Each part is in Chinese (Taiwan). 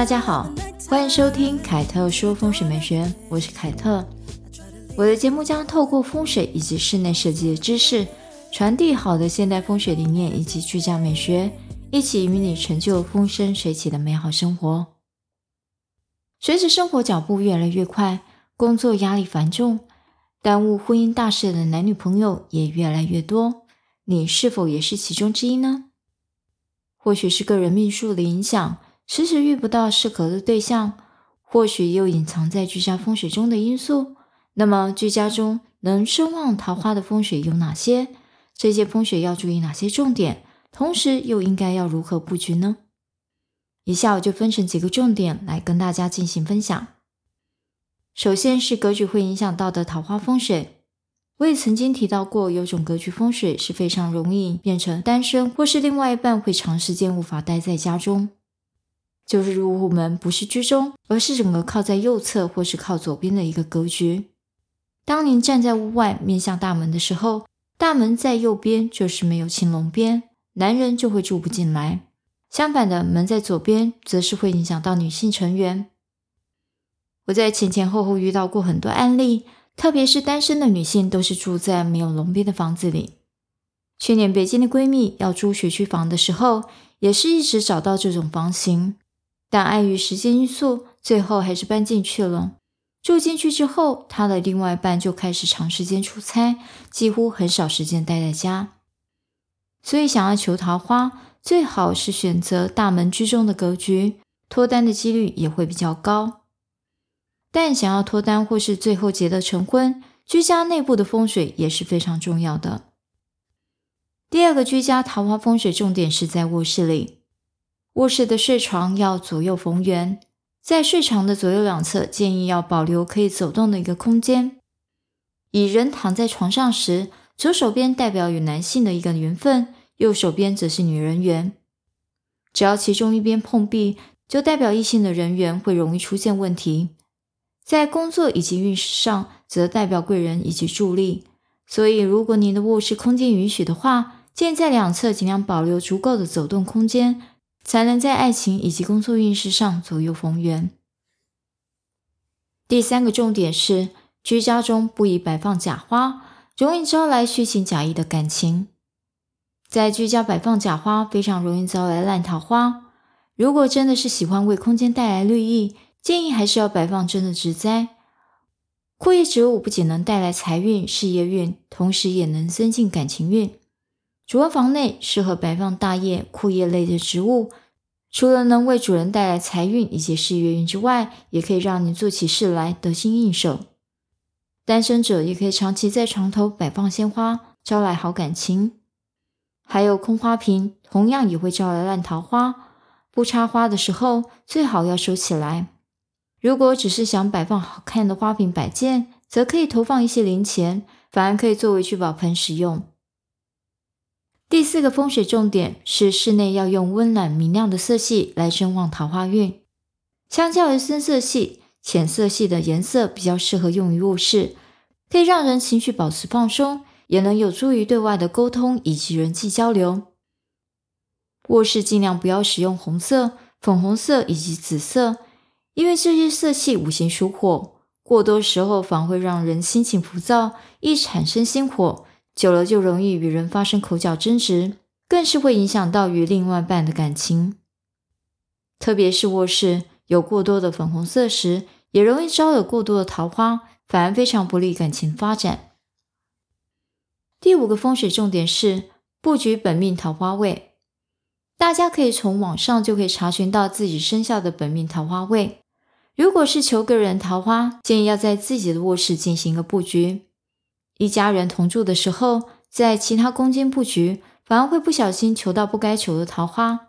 大家好，歡迎收聽凱特說風水美學，我是凱特。我的節目將透過風水以及室內設計的知識，傳遞好的現代風水理念以及居家美學，一起與你成就風生水起的美好生活。隨着生活腳步越來越快，工作壓力繁重，耽誤婚姻大事的男女朋友也越來越多，你是否也是其中之一呢？或許是個人命數的影響。遲遲遇不到適合的對象，或許又隱藏在居家風水中的因素。那麼，居家中能生旺桃花的風水有哪些？這些風水要注意哪些重點？同時又應該要如何布局呢？以下我就分成幾個重點來跟大家進行分享。首先是格局會影響到的桃花風水，我也曾經提到過，有種格局風水是非常容易變成單身，或是另外一半會長時間無法待在家中。就是入戶門不是居中，而是整個靠在右側或是靠左邊的一個格局。當您站在屋外面向大門的時候，大門在右邊就是沒有青龍邊，男人就會住不進來。相反的，門在左邊則是會影響到女性成員。我在前前後後遇到過很多案例，特別是單身的女性都是住在沒有龍邊的房子裡。去年北京的閨蜜要租學區房的時候，也是一直找到這種房型。但礙於時間因素，最後還是搬進去了。住進去之後，他的另外一半就開始長時間出差，幾乎很少時間待在家。所以想要求桃花，最好是選擇大門居中的格局，脫單的幾率也會比較高。但想要脫單或是最後結得成婚，居家內部的風水也是非常重要的。第二個居家桃花風水重點是在臥室裡。臥室的睡床要左右逢源，在睡床的左右兩側建議要保留可以走動的一個空間。以人躺在床上時，左手邊代表與男性的一個緣分，右手邊則是女人緣。只要其中一邊碰壁，就代表異性的人緣會容易出現問題。在工作以及運勢上，則代表貴人以及助力。所以，如果您的臥室空間允許的話，建議在兩側儘量保留足夠的走動空間。才能在愛情以及工作運勢上左右逢源。第三個重點是，居家中不宜擺放假花，容易招來虛情假意的感情。在居家擺放假花，非常容易招來爛桃花。如果真的是喜歡為空間帶來綠意，建議還是要擺放真的植栽。闊葉植物不僅能帶來財運、事業運，同時也能增進感情運。主臥房內適合擺放大葉、闊葉類的植物，除了能為主人帶來財運以及事業運之外，也可以讓你做起事來得心應手。單身者也可以長期在床頭擺放鮮花，招來好感情。還有空花瓶同樣也會招來爛桃花，不插花的時候最好要收起來。如果只是想擺放好看的花瓶擺件，則可以投放一些零錢，反而可以作為聚寶盆使用。第四個風水重點是室內要用溫暖明亮的色系來生旺桃花運。相較於深色系，淺色系的顏色比較適合用於臥室，可以讓人情緒保持放鬆，也能有助於對外的溝通以及人際交流。臥室盡量不要使用紅色、粉紅色以及紫色，因為這些色系五行屬火，過多時候反而會讓人心情浮躁，易產生心火。久了就容易與人發生口角爭執，更是會影響到與另外半的感情。特別是臥室有過多的粉紅色時，也容易招惹過多的桃花，反而非常不利感情發展。第五個風水重點是布局本命桃花位，大家可以從網上就可以查詢到自己生肖的本命桃花位。如果是求個人桃花，建議要在自己的臥室進行一個布局。一家人同住的時候，在其他空間佈局反而會不小心求到不該求的桃花。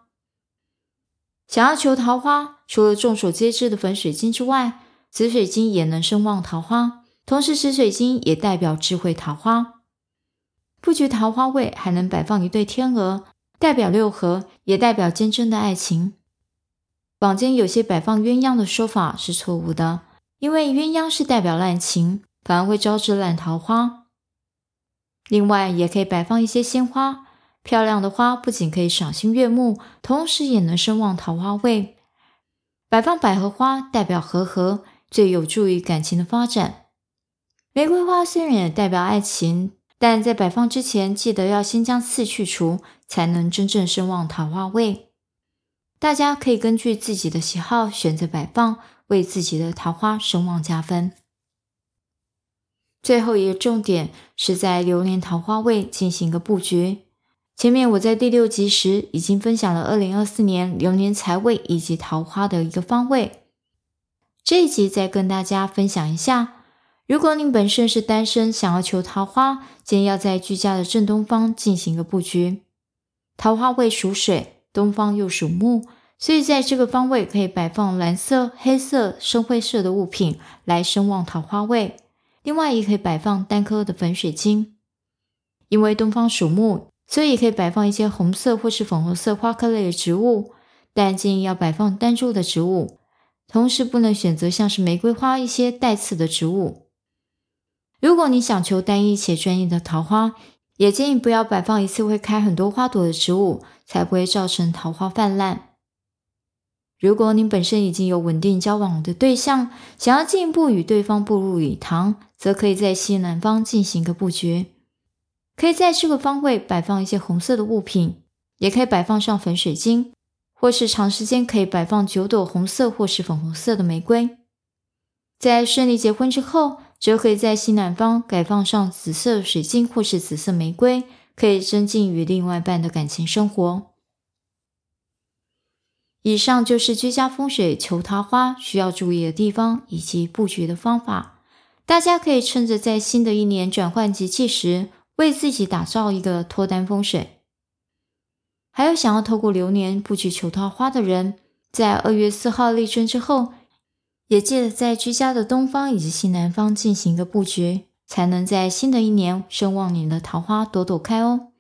想要求桃花，除了眾所皆知的粉水晶之外，紫水晶也能生旺桃花。同時，紫水晶也代表智慧桃花。佈局桃花位還能擺放一對天鵝，代表六合，也代表堅貞的愛情。坊間有些擺放鴛鴦的說法是錯誤的，因為鴛鴦是代表濫情，反而會招致爛桃花。另外，也可以擺放一些鮮花。漂亮的花不僅可以賞心悅目，同時也能生旺桃花位。擺放百合花代表和合，最有助於感情的發展。玫瑰花雖然也代表愛情，但在擺放之前記得要先將刺去除，才能真正生旺桃花位。大家可以根據自己的喜好選擇擺放，為自己的桃花生旺加分。最後一個重點是在流年桃花位進行一個佈局。前面我在第六集時已經分享了2024年流年財位以及桃花的一個方位。這一集再跟大家分享一下，如果您本身是單身，想要求桃花，建議要在居家的正東方進行個佈局。桃花位屬水，東方又屬木，所以在這個方位可以擺放藍色、黑色、深灰色的物品來生旺桃花位。另外也可以擺放單顆的粉水晶，因為東方屬木，所以可以擺放一些紅色或是粉紅色花科類的植物，但建議要擺放單株的植物，同時不能選擇像是玫瑰花一些帶刺的植物。如果你想求單一且專業的桃花，也建議不要擺放一次會開很多花朵的植物，才不會造成桃花泛濫。如果您本身已經有穩定交往的對象，想要進一步與對方步入禮堂，則可以在西南方進行一個佈局，可以在這個方位擺放一些紅色的物品，也可以擺放上粉水晶，或是長時間可以擺放九朵紅色或是粉紅色的玫瑰。在順利結婚之後，則可以在西南方改放上紫色水晶或是紫色玫瑰，可以增進與另外一半的感情生活。以上就是居家風水求桃花需要注意的地方以及佈局的方法。大家可以趁着在新的一年轉換節氣時，為自己打造一個脫單風水。還有想要透過流年佈局求桃花的人，在二月四號立春之後，也記得在居家的東方以及西南方進行一個佈局，才能在新的一年生旺你的桃花朵朵開哦。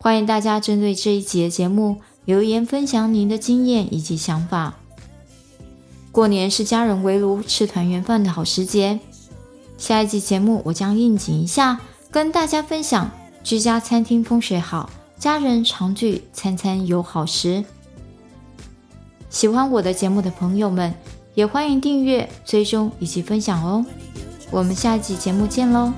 歡迎大家針對這一節節目留言分享您的經驗以及想法。過年是家人圍爐吃團圓飯的好時節，下一集節目我將應景一下，跟大家分享居家餐廳風水好，家人常聚餐餐有好食。喜歡我的節目的朋友們，也歡迎訂閱、追蹤以及分享哦。我們下一集節目見嘍！